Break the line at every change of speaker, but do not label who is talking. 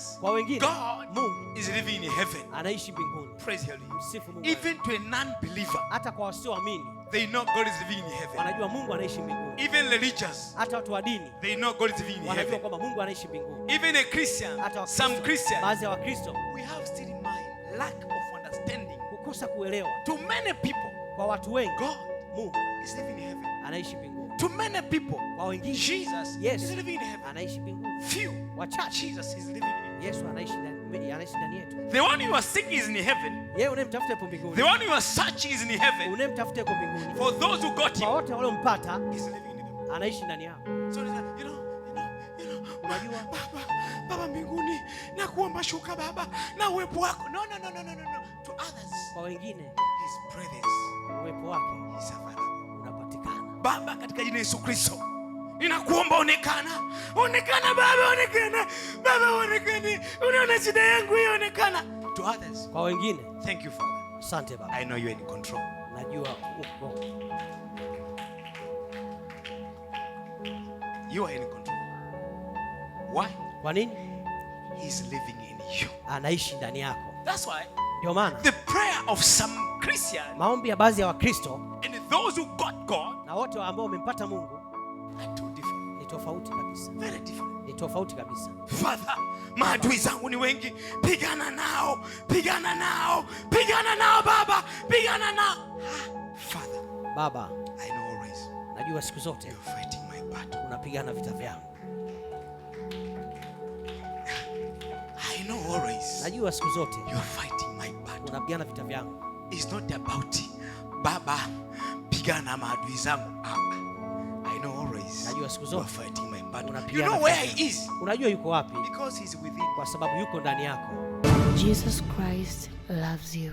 others, kwa wengine Mungu is living in heaven.
Anaishi mbinguni. Praise hallelujah. Msifu Mungu.
Even to a non-believer,
hata kwa wasioamini
They know God is living in heaven.
Wanajua Mungu anaishi mbinguni.
Even religious.
Hata watu wa dini.
They know God is living in heaven.
Wanajua kwamba Mungu anaishi mbinguni.
Even a Christian. Hata some Christians.
Baadhi ya Wakristo.
We have still in mind lack of understanding.
Kukosa kuelewa.
To many people. Kwa watu wengi. God Mungu is living in heaven. Anaishi mbinguni. To many people. Kwa wengine. Jesus yes. is living in heaven.
Anaishi mbinguni. Few. Wachache.
Jesus is living in heaven.
Yesu anaishi ndani anaishi ndani yetu.
The one you are seeking is in heaven.
Yeye unayemtafuta yupo mbinguni.
The one you are searching is in heaven.
Unayemtafuta mbinguni.
For those who got him.
Kwa wote waliompata anaishi ndani yao.
So you know, unajua Baba, Baba mbinguni na kuomba shuka Baba na uwepo wako. No, no, no, no, no, no. To others. Kwa wengine his presence. Uwepo wake. available.
Unapatikana.
Baba katika jina Yesu Kristo. Ninakuomba onekana, onekana Baba, onekana Baba, onekana. Unaona shida yangu hiyo, onekana to others, kwa wengine. Thank you Father, asante Baba, I know you are in control,
najua uko
You are in control. Why? Kwa nini? He is living in you,
anaishi ndani yako. That's why, ndio maana
the prayer of some Christian,
maombi ya baadhi ya Wakristo,
and those who got God,
na wote ambao wamempata Mungu tofauti kabisa. Ni tofauti kabisa.
Father, maadui zangu ni wengi, pigana nao, pigana nao, pigana nao Baba, pigana nao. Father, Baba, I know always.
Najua siku zote
you're fighting my battle.
Unapigana vita vyangu.
I know always.
Najua siku zote
you're fighting my battle.
Unapigana vita vyangu.
It's not about Baba, pigana maadui zangu. Ah. Najua
Unajua yuko wapi, kwa sababu yuko ndani yako. Jesus Christ loves you.